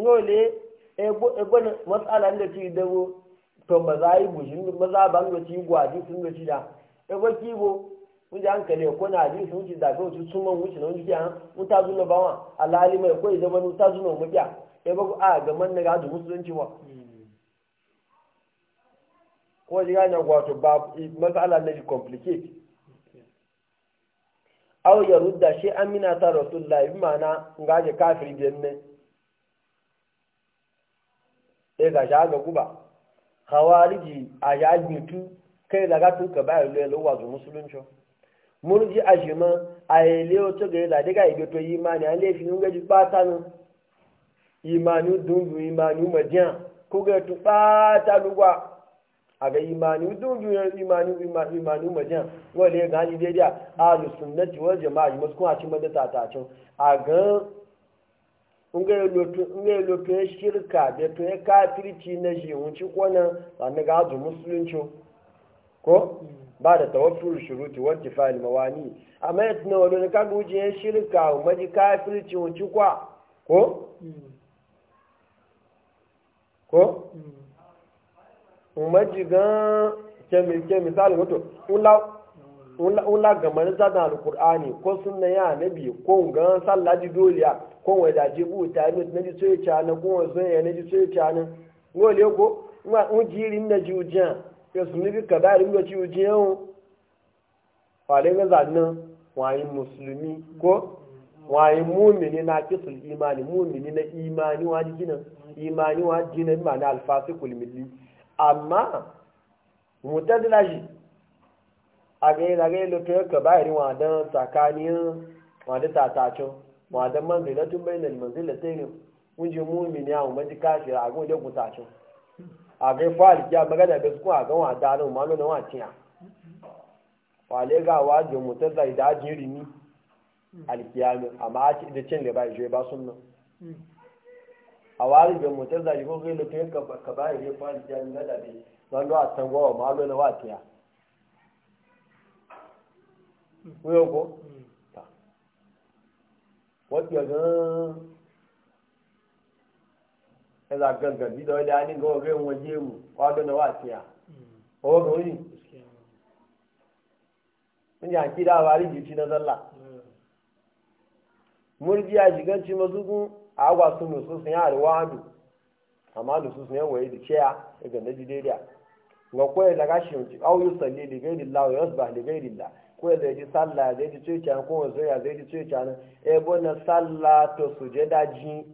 ngo le ebon matsala da ci dabo to ba za yi bushin ba za ba ga ci gwaji sun ga ci da ebo kibo mun ji hankali ko na ji sun ci da wuce sun man wuce na wuce ya mun ta ba wa alhali mai ko idan mun ta zuwa mu biya ebo a ga man na ga musulunci wa ko ji ga na wato ba matsala da ji complicate aw ya rudda shi amina ta rasulullahi bi ma'ana ngaje kafiri biyan ne sai ga shaga guba hawariji a yagitu kai daga tuka bayan lelo wazo musulunci murji a ma a ile oto ga ila daga ibe to yi imani an lefi nunga ji bata nu imani dundu imani madian ko ga tu bata lugwa a ga imani dundu imani imani imani madian wale ga ni dai da ahlus sunnati wal jamaa muskun a cikin madata ta cin a ga nga lope shirka da to ya e kafirci na jewunci kwanan ba na gazu musulunci ko mm. ba da tawaffur shuruti wa kifal mawani amma ya tunawa da ka guje ya e shirka wa maji kafirci wunci kwa ko mm. ko umaji mm. gan kemi kemi sali wato ula gamanin zadan alkur'ani ko sunna yana nabi ko gan sallaji doliya kowai da jibu ta ne na ji soye cana kowai son ya na ji soye cana ngole ko ma un jiri na ji ujiya ya su nufi ka da ringa ci ujiya yau kwale ga zannan wayin musulmi ko wayin mumini na kisul imani mumini na imani wa jinan imani wa jinan ma na alfasikul milli amma mutadila shi a ga yi da ga yi lokacin ka bayarin wadan tsakanin wadda tatacin wadan manzilatun bai nan manzilatai kunje mumini a umarci kashi a gun jagun tashin a gai fali ya magana da su a ganwa da nan malo na waciya wale ga waje mutar da da jiri ni alkiyami amma a ci da cin da bai je ba sun nan a wari da mutar da ko kai lokacin ka bai je fali ya magana da zan do a tangowa malo na waciya ko wato gan ila gangan bi da wani ani ga wani waje mu kwado na wasiya o ya kida wari jiki na zalla mm. murjiya shiganci mazugun agwa da ceya daga na jideriya ga koyar da gashi mutu yi da gairi ko zai ji sallah zai ji tsoyica kwa wanzu ya zai ji tsoyica e, na ebo na salla to su je daji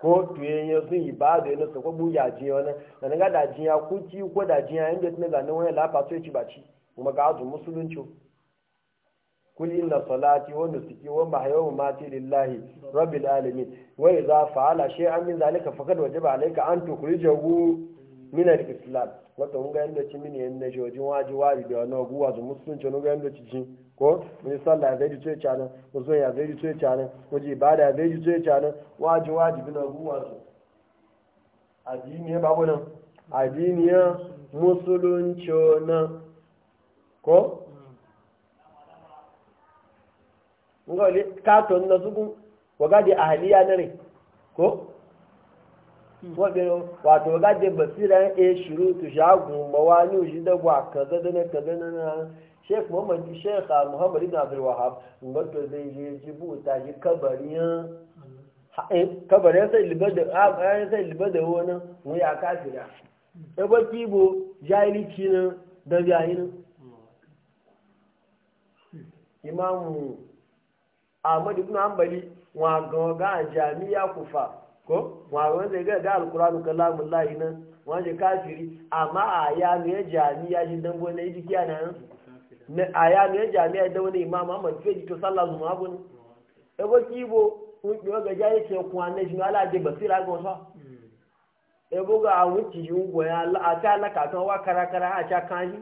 ko tuye ya sun yi ba da yana su buya ji wani na ga daji ya kuki ko daji ya inda tun zanen wani lafa tsoyici ba ci kuma ga azu musulunci kul inna salati wa nusuki wa mahyaya mati lillahi rabbil alamin wa idza fa'ala shay'an min zalika faqad wajaba alayka an tukhrijahu minar islam wata hunga yadda ci mini yadda shi wajen waji wari da wani guwa su musulunci hunga yadda ci ci ko mun sallah zai ji tsoye canan wasu ya zai ji tsoye canan waje ibada zai ji tsoye canan waji waji bi na guwa su babu nan addini musulunci nan ko nga wale katon na sugun waga da ahaliya na ko waɗin wato gajin basiran a shiru tu shagun mawani ushi da gwa kaza da na kaza na na sheikh muhammad sheikh ah, muhammad ibn abdul wahab ngato zai je jibu ta ji kabarin eh, kabarin sai libada kabarin ah, ah, sai libada wani mu ya kafira e ba kibo jahilci nan da jahilin imamu ahmad ibn hanbali wa ga jami'a kufa ko wawan wanda ga ga alkuranu kalamun layi nan wani kafiri amma a ya ne jami'a shi dan gona yi jikiya na nan a ya ne jami'a da wani imam amma fe jito sallah zuma ne e bo kibo kun ki ga jayi ce kuwa ne shi ala de basira ga so e bo ga awun yun go ya a ta la ka kan wa kara kara a ta kan yi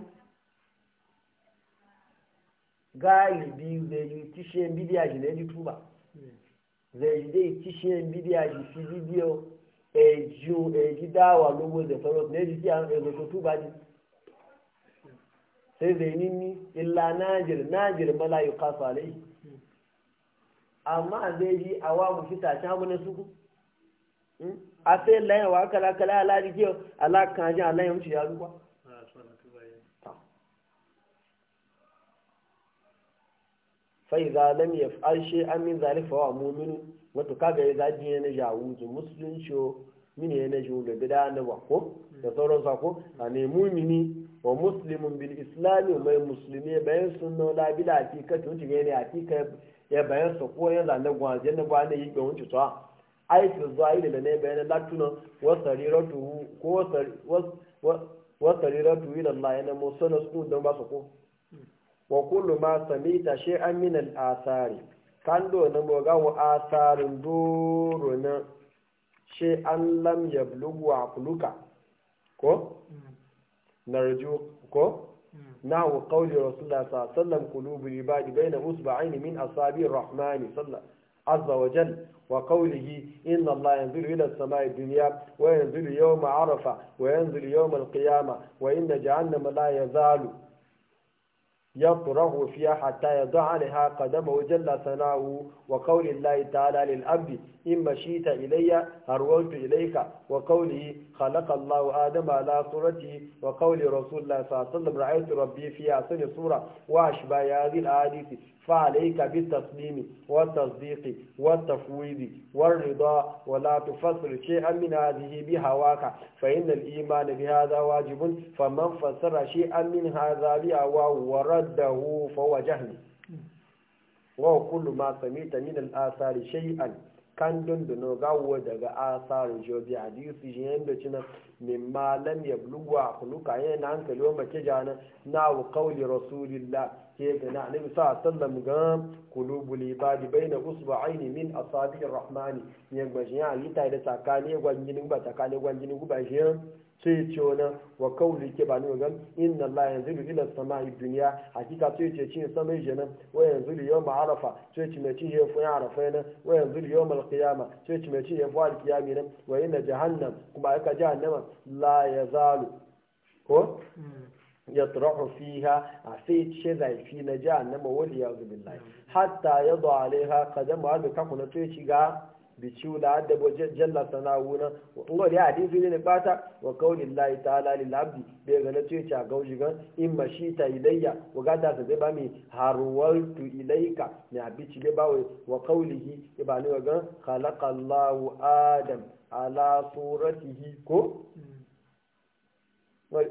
galibi zai yi bidiya ne zai dai kishiyan bidiya ji fi bidiyo eji e dawa logo da farot na jiki a ezoto ba ji sai zai ni illa e najir najir mala yi kasa alai amma zai ji awa mu fita ta mu ne suku hmm? a sai layan wa kala kala ala jiki ala kan ji ala yamci ya zuwa fai za lam ya fi'al shi an min zari fa wa mumin wato kaga ya zaji ne na jawu zu musulunci min ya na jiwu da gida na wako da sauran a ne mumini wa muslimun bil mai musulmi bayan sun nola bila a fi kati wuce gani a fi ka ya bayan sa ko ya zane gwanzu yadda gwanzu a yi ga wuce tsawa aiki zuwa ilil da ne bayan latunan wasariratu ko wasariratu ilallah yana musulunci don ba su ko wa kullu ma samita shay'an min al-athari kan do na bo ga wa asarin duru na shay an lam yablughu aqluka ko Na narju ko mm. na wa qawli rasulullah sallallahu alaihi wasallam qulubul ibadi bayna usba'ain min asabi ar-rahman sallallahu azza wa jalla wa qawlihi inna allaha yanzilu ila as-sama'i dunya wa yanzilu yawma arafa wa yanzilu yawma al-qiyamah wa inna jahannama la yazalu yaturahu fiya hatta ya zo aliha kadama wajen lasanahu wa kaunin layi ta halalin abdi in mashita ilayya harwantu ilaika wa kauni halakallahu adama ala surati wa kauni rasulullah sallallahu alaihi wa sallam ra'aitu rabbi fiya sani sura wa shi ba ya zin hadisi فعليك بالتصميم والتصديق والتفويض والرضا ولا تفسر شيئا من هذه بهواك فإن الإيمان بهذا واجب فمن فسر شيئا من هذا بهواه ورده فهو جهل وكل ما سميت من الآثار شيئا kan dundunar gawo daga asarin jobi a hadisi shi yadda cina min malam ya bluwa kuluka yana hankali wa makijana na wa kauli rasulillah ke gana annabi sa sallam ga kulubul ibadi baina usba'aini min a asabi rahmani ne gwajin ya yi tare da tsakani gwajin ba tsakani gwajin guba shi sai ce wani wa kawuli ke ba ni ga inna Allah yanzu da ila sama yi duniya hakika sai ce cin sama yi jenan wa yanzu da yau ma'arafa sai ce mai cin hefu ya arafa yana wa yanzu da yau malkiyama sai ce mai cin hefu alkiyami nan wa yana jahannan kuma aka jahannama la ya zalu ko hmm. يطرح فيها عسيت شذا في نجاة والعياذ بالله حتى يضع عليها قدم هذا كقنا تيشيغا بتشول عدب وجل سناونا وقول يا حديث لنا باتا وقول الله تعالى للعبد بيغنا تيشا غوجيغا إما شيت إلي وقادا سببا مي هرولت إليك نعبيتش بباوي وقوله يبعني وقال خلق الله آدم على صورته كو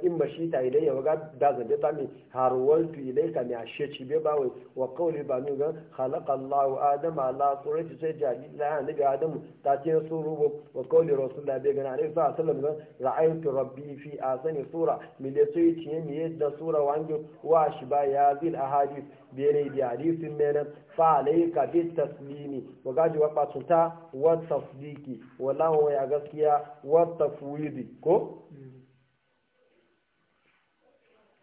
in ba shi ta idan ya waga da zabe ta mi harwal tu ilai ka mi ashe ci be ba wa qawli ba mi ga khalaqa Allahu Adama ala surati sai jadi la nabi Adam ta ce suru bo wa qawli rasulullah be ga na alaihi sallam ga ra'aytu rabbi fi asani sura mi le sai ci mi yadda sura wanjo wa shi ba ya zil ahadith be ne di hadithin mena fa alayka bi taslimi wa gaji wa batunta wa tasdiki wa lahu ya gaskiya wa tafwidi ko mm.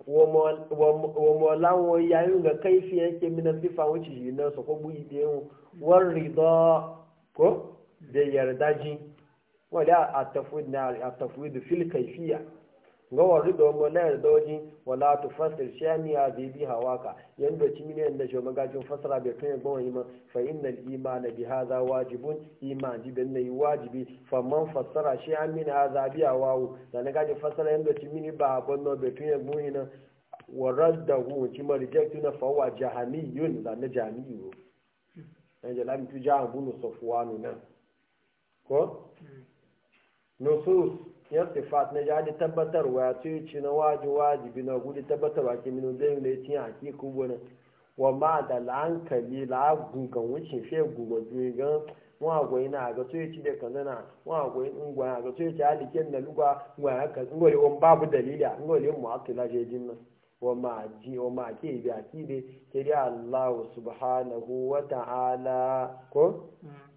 wa lawon yayin ga kaifi yake minan sifa wuce shi na su ko buyi da yawon war rida ko da yarda ji wadda a tafi da fil kaifiya ga rido da na layar dojin wala tu fasir shani ya bibi hawaka yanda cimin da shi magajin fasara bai kan yabon wani ma fa innal imana bi hadha wajibun iman ji bin nayi wajibi fa man fasara shi an min hadha bi hawawu da na gajin fasara yanda mini ba bonno bai kan yabon wani na warar da hu ci ma reject na fa wa yun da na jami'u tu ko hmm. nusus ya sifat na jadi tabbatarwa ya ce ci na waji wajibi na gudu tabbatarwa ke minu zai ne cin haki kubo na wa ma da la'ankali la'agun kan wuce fe gugo gan wa na ga to ci da kanana wa gwai in gwa ga to ci aliken na lugwa wa haka ngole on babu dalila ngole mu akila je jinna wa ma ji wa ma ke bi akide ke Allah subhanahu wa ta'ala ko mm.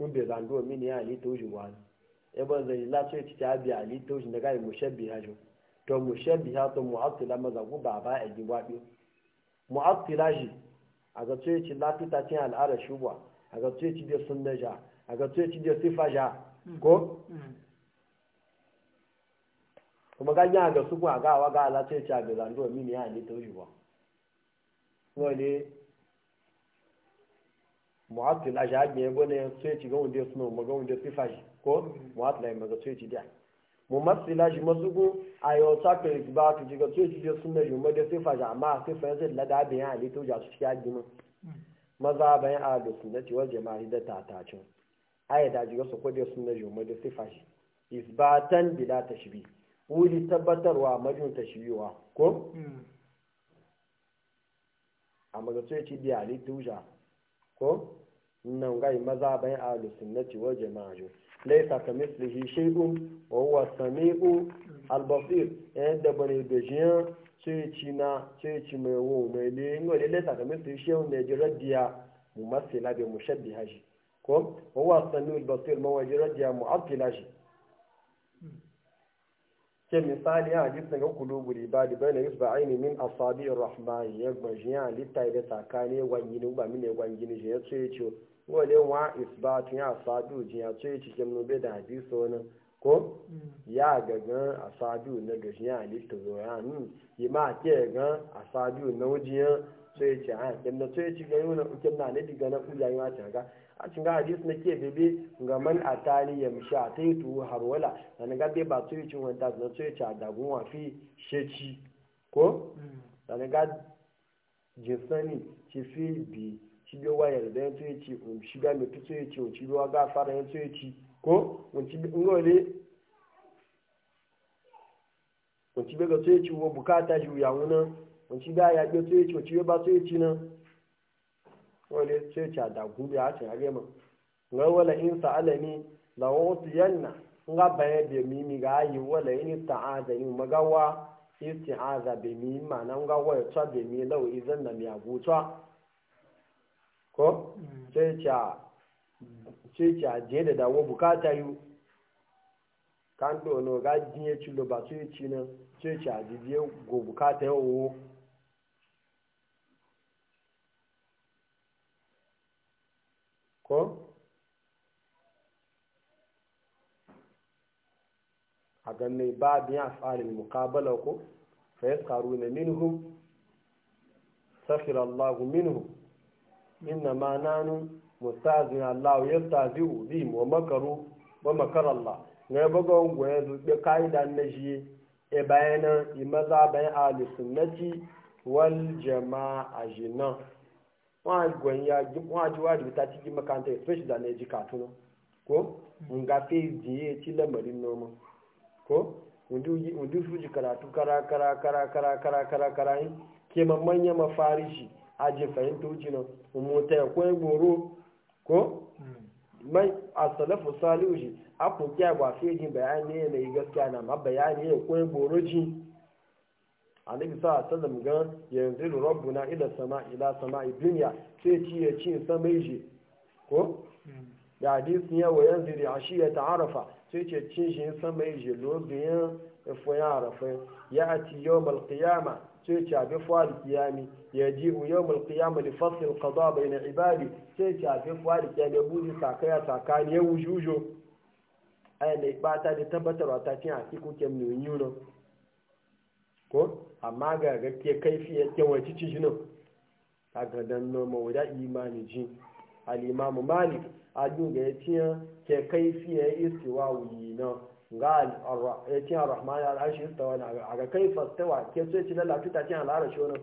mun bai zando mini ya ali toji wani ya ban zai la sai ci abi ali toji daga mushabbiha jo to mushabbiha to mu'attila maza ku ba ba a aji wabi mu'attila shi a ga sai ci lafita cin al'ada shubwa a ga sai ci da sunna ja a ga sai ci da sifa ja mm. ko mm. kuma ga a ga suku a ga wa ga la sai ci abi zando mini ya ali toji wa wale mu'attil a shahagi ya gwane sai ci gawun da suna maga wanda sifa shi ko mu'attila ya maga sai ci da mu matsila shi masugu a yau ta ka yi ba ka jiga sai ci da suna shi maga sifa shi amma sifa ya zai lada bayan halittu ja su ci ya gima maza bayan a da suna ci wajen mari da cin a yi da jiga su na suna shi su sifa shi isbatan bila bi wuri tabbatarwa majun wa ko a maza sai ci da halittu ja ko nan gai maza bayan ahlu sunnati wal jama'a laisa kamislihi shay'un wa huwa samiu al-basir yadda bane da jiyan sai ci na sai ci mai wo mai le ngo le laisa kamislihi shay'un ne jiradiya mumassila bi mushabbiha ko wa huwa samiu al-basir ma wa jiradiya mu'attila shi ke misali a jisun ga kulubu riba da bayan yusba aini min asabi rahman ya gbaji ya halitta ya da tsakani wangini ba mine wangini shi ya tsoye ce wale wa isbatun ya asabi ji ya tsoye ce ke nube da hadis wani ko mm. ya gagan asabi na gaji ya halitta zo ya nun yi ma ke gan asabi na wajiyan tsoye ce ha ke na tsoye ce ga yi wani ukin na ne diga na kujayen wata ga a cikin hadis na ke bebe ga man ya mishi a ta yi tuwo harwala da na gabe ba tsoye cin wanta na tsoye ci a dagun wafi sheci ko da na ga jinsani ci fi bi ci biyo wa yarda ya tsoye ci un um, ci ga mutu tsoye ci un um, ci biyo ga fara ya tsoye ci ko un um, ci ngole un ci biyo ga tsoye ci wo bukata ji wuya wunan un ci ga ya biyo tsoye ci un ci biyo ba tsoye ci nan wani ce da gumi a ce yare ma ga wala in sa'ala ni la utiyanna nga baye be mimi ga yi wala in ta'aza ni magawa isti'aza be mimi ma nan ga waya ta be mi law idan na mi aguta ko mm. ce ca ce je da dawo bukata yu kan do no ga jiye chulo ba su yi cinan ce ca go bukata yawo ganne ba biya tsarin mukabala ko fa yasqaruna minhum sakhira Allah minhum inna ma nanu mustazin Allah yastazi'u bi wa makaru wa makar Allah ne bago ngoye zu be kaida na ji e bayana maza bayan ahli sunnati wal jama'a jinan wa ji wa ji wa ta ci makanta especially da ne ji katuno ko nga fi ji ti lamarin noma ko wundu su ji karatu kara kara kara kara kara kara kara yi ke ma manya ma fari shi aje fahimta wuce na umota ya kwaye goro ko hmm. mai a salafu salihu shi a kuke ba sai jin bayani ne mai gaskiya na ma bayani ya kwaye goro ji annabi sa a sallam ga yanzu na ila sama ila a duniya sai ci ya ci sama ko hmm. ya hadisi ya wa yanzu da ashiya ta arafa sai ce cin shi sama ya je lobiyan ifoyin arafin ya a ci yau malkiyama sai ce abi fuwar kiyami ya ji u yau malkiyama da fasil kaza bai na ibadi sai ce abi fuwar kiyami ya buji sakaya sakani ya wujujo ayi na ibata da tabbatarwa ta cin haki kuke mai yuno ko amma ga gaske kaifi ya kewaci cin shi nan a gadon noma wadda imani jin al-imamu malik ajin ga ya ciyar ke kai fiye istiwa wuyi na ga ya ciya rahman rashi istawa na a ga kai fastawa ke so ci lalata ta ciya al'arshi wani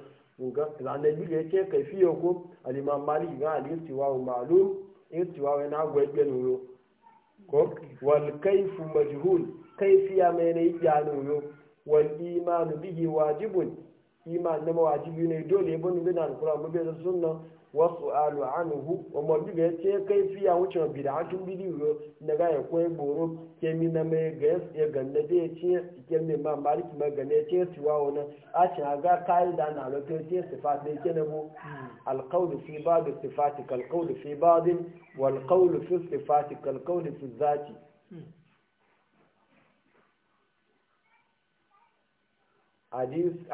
zanen ga ya ciyar kai fiye ko aliman mali ga al'istiwa wa malu istiwa wa yana gwaibe nuno ko wal kaifu kai fiya mai na yi ya wal imanu bihi wajibun imanu na mawajibi ne dole ya bin bin alkura mabiyar sunan wasu alu anuhu wa mordi ya ce kai fiya wucin hatun bidiyo na ga ya koyi boro ke mi na mai ga ya ganna da ya ce ke mi ma maliki ma ganna ya ce tuwa wani a ce a ga kayi da na lokacin ce sifat da ke na bu alqawlu fi ba'd sifati kalqawlu fi ba'd wal qawlu fi sifati kalqawlu fi zati hadisin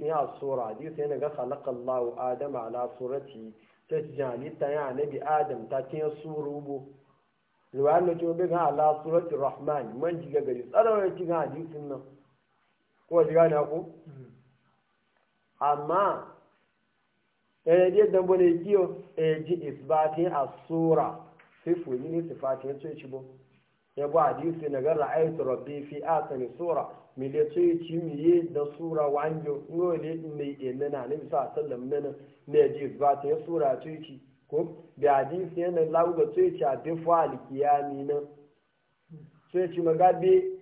ya sura hadisin ya ga halakallahu adam ala surati ta jalita ya nabi adam ta ce surubu riwayar na ce bin ala surati rahman man jiga gari tsarawar cikin hadisin nan ko jiga na ku amma ɗaya eh, dai dan bane kiyo eh, ji isbatin asura sifu ne sifatin sai ci bo ya bu hadisi na ga ra'aytu rabbi fi asani sura mi da tsaye ci mi ye da sura wanjo ngo ne mai enne na ne bisa sallam ne ne ji ba ta ya sura tsaye ci ko da hadisi na lauga tsoye ci a bi fa alkiyami na tsoye ci magabe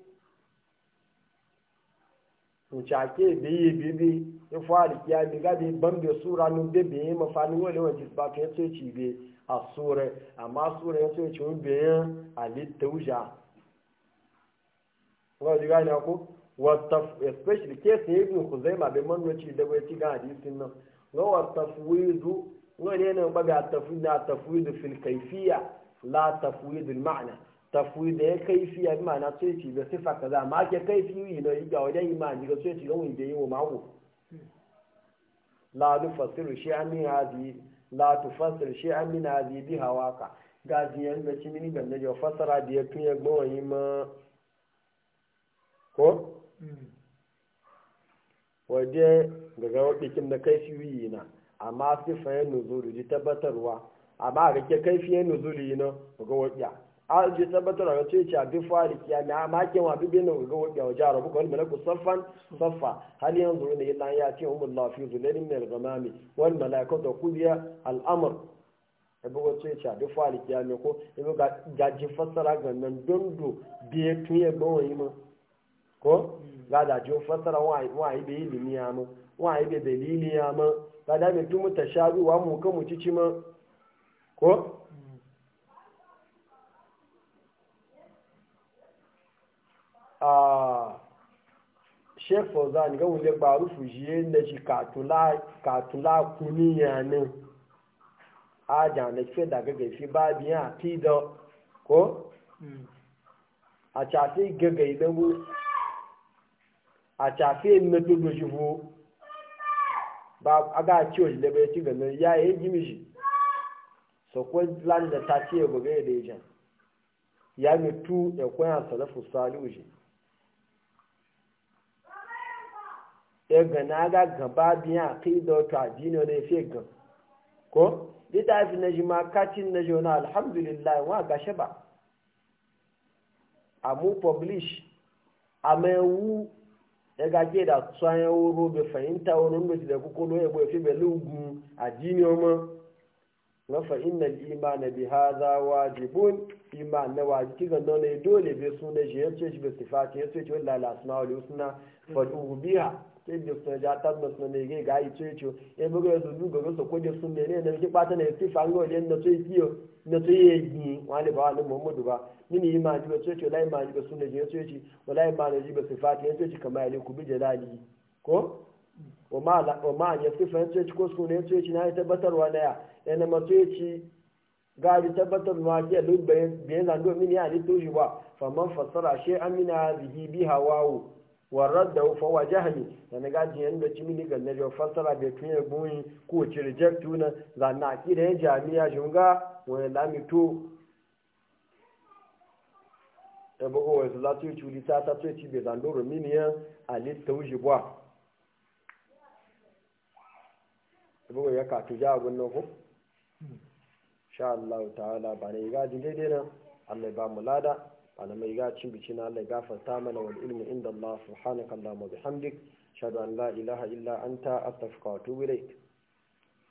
to chake biye bibi ya fa alkiyami gabe ban da sura nun bebe mafanin wani wani ba ta ya tsoye ci be a sura amma sura ya tsaye ci wani bayan alittauja Wọ́n ti gáyìn akó, especially case ne ibn Khuzaima bai manwaci da bai ci ga hadisin nan ga wa tafwidu wani ne ba ga tafwidu tafwidu fil kayfiyya la tafwidu al ma'na tafwidu ya kayfiyya bi ma'ana sai ci da sifa kaza ma ke kayfiyyi ne yi ga wajen imani ga sai ci ga wanda yi wa mako la tufassiru shay'an min hadhihi la tufassiru shay'an min hadhihi bi hawaka ga ziyan da cimini ganda ya fassara da ya tuye gbawayi ma ko waje daga waɗikin da kai fiye na su sifayen nuzulu ji tabbatarwa amma a ke kai fiye nuzulu yi na ga waɗiya a ji tabbatarwa ga ce ce abin fari kiya mai amma ke wa bi na ga waɗiya wajen arabu kawai malaku saffan saffa hal yanzu ne yana ya ce umar lafi zularin mai algamami wani malaikar da kuliya al'amur ebe wato ya ce abin fari kiya mai ko ebe ga ji fassara ga nan dundu biye tun ya gbawa yi ma ko gada jo fasara wa yi ibe ilimi ya mu wa ibe dalili ya mu gada mai tumu ta sharu wa mu kan mu cici ma ko a shek fauzan ga wule baru fujiye na shi katula kuniya nan a janafe daga gaifi babiyan hmm. a tido ko a cafi gaga idan a tafe na dubu shifo ba a ga ciwo shi da bai ci ganin ya yi gimi shi so ko lan da ta ce gobe da yake ya tu ya a salafu salihu shi ya gana ga gaba biya kai da wata addini ne fi gan ko littafi na shi ma katin na shi wani alhamdulillah wa gashe ba a mu publish a mai wu ya gage da tsayen wuro bai fahimta wani lokaci da kukulu ya bai fi bai lugu a jini ma na fa'inna imana bi haza wajibun iman na wajibi ga nuna dole bai suna shi ya ce shi bai sifati ya ce shi wani lalasuna wani suna faɗu biya sai da suna ja tabbas na mege ga yi cece ya buga ya zuzu ga rusa kudi sun ne na shi kwata na yasi fango ne na sai kiyo na sai yi yi wani ba wani muhammadu ba mini yi maji ba cece wala maji ba suna je cece wala yi maji ba su sifati ya cece kama ya ku bi jalali ko wa ma ya fa ya cece ko suna ya cece na ya tabbatarwa na ya yana ma cece gari tabbatar ma ke lubbayin biyan zando mini ya ni tushi ba faman fassara shi amina zihi bi hawawu warar da ufa wa jahali da na gaji yadda da cimi ni ganna jo fasara bai tun ya buyi ko ci reject tuna za na ki da jami'a shunga wani lami to ya bugu wa za yi chuli ta ta tu ci bai zando ndoro a lista ali tawji ya bugu ya ka ja gun no ko hmm. sha Allah ta'ala ba ne gaji daidai nan Allah ba mu lada ana mai gacin bici na Allah gafarta mana wani ilmi inda Allah subhanaka Allahumma bihamdik shadu an la ilaha illa anta astaghfiruka wa atubu ilaik